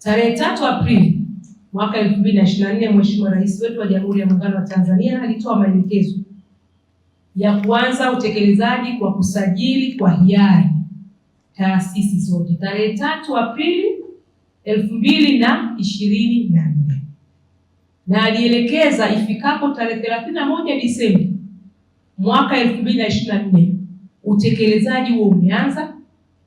Tarehe tatu Aprili mwaka elfu mbili na ishirini na nne Mheshimiwa Rais wetu wa Jamhuri ya Muungano wa Tanzania alitoa maelekezo ya kuanza utekelezaji kwa kusajili kwa hiari taasisi zote tarehe tatu Aprili elfu mbili na ishirini na nne na alielekeza ifikapo tarehe thelathini na moja Disemba mwaka elfu mbili na ishirini na nne utekelezaji huo umeanza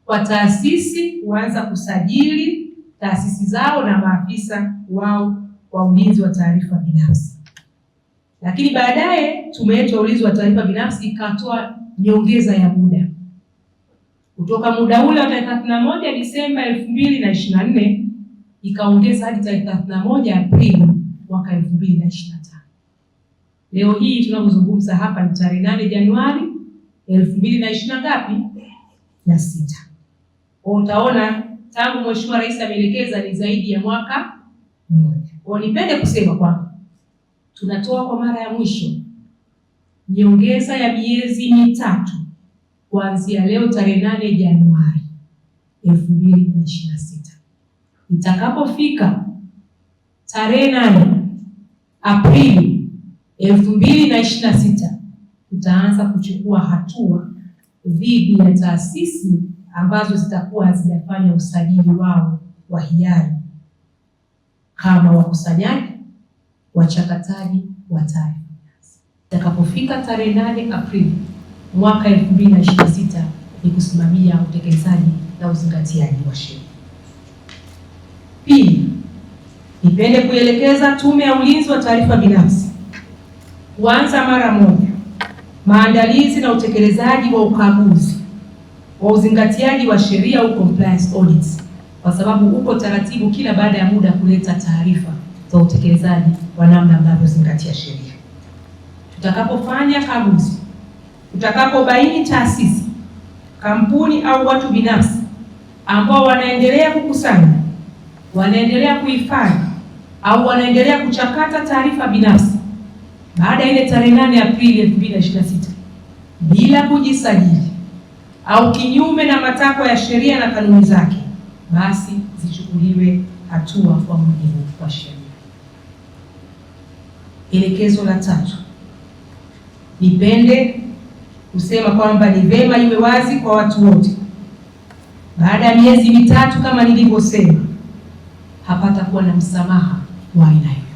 kwa taasisi kuanza kusajili taasisi zao na maafisa wao wa ulinzi wa taarifa binafsi. Lakini baadaye tume yetu ya ulinzi wa taarifa binafsi ikatoa nyongeza ya muda kutoka muda ule wa tarehe thelathini na moja Disemba elfu mbili na ishirini na nne ikaongeza hadi tarehe thelathini na moja Aprili mwaka elfu mbili na ishirini na tano. Leo hii tunapozungumza hapa ni tarehe nane Januari elfu mbili na ishirini na ngapi na sita. Utaona tangu Mheshimiwa Rais ameelekeza ni zaidi ya mwaka mmoja. Kwa nipende kusema kwamba tunatoa kwa mara ya mwisho nyongeza ya miezi mitatu kuanzia leo tarehe nane Januari elfu mbili na ishirini na sita itakapofika tarehe nane Aprili elfu mbili na ishirini na sita tutaanza kuchukua hatua dhidi ya taasisi ambazo zitakuwa hazijafanya usajili wao wa hiari kama wakusanyaji, wachakataji wa taarifa. Itakapofika tarehe nane Aprili mwaka sita ni kusimamia utekelezaji na uzingatiaji wa sheria. Pili, nipende kuelekeza Tume ya Ulinzi wa Taarifa Binafsi kuanza mara moja maandalizi na utekelezaji wa ukaguzi kwa uzingatiaji wa sheria au compliance audits, kwa sababu uko taratibu kila baada ya muda kuleta taarifa za utekelezaji wa namna zingatia sheria. Tutakapofanya kaguzi, tutakapobaini taasisi, kampuni au watu binafsi ambao wanaendelea kukusanya, wanaendelea kuhifadhi au wanaendelea kuchakata taarifa binafsi baada ya ile tarehe 8 Aprili 2026 bila kujisajili au kinyume na matakwa ya sheria na kanuni zake, basi zichukuliwe hatua kwa mujibu wa sheria. Elekezo la tatu, nipende kusema kwamba ni vema iwe wazi kwa watu wote, baada ya miezi mitatu kama nilivyosema, hapatakuwa na msamaha wa aina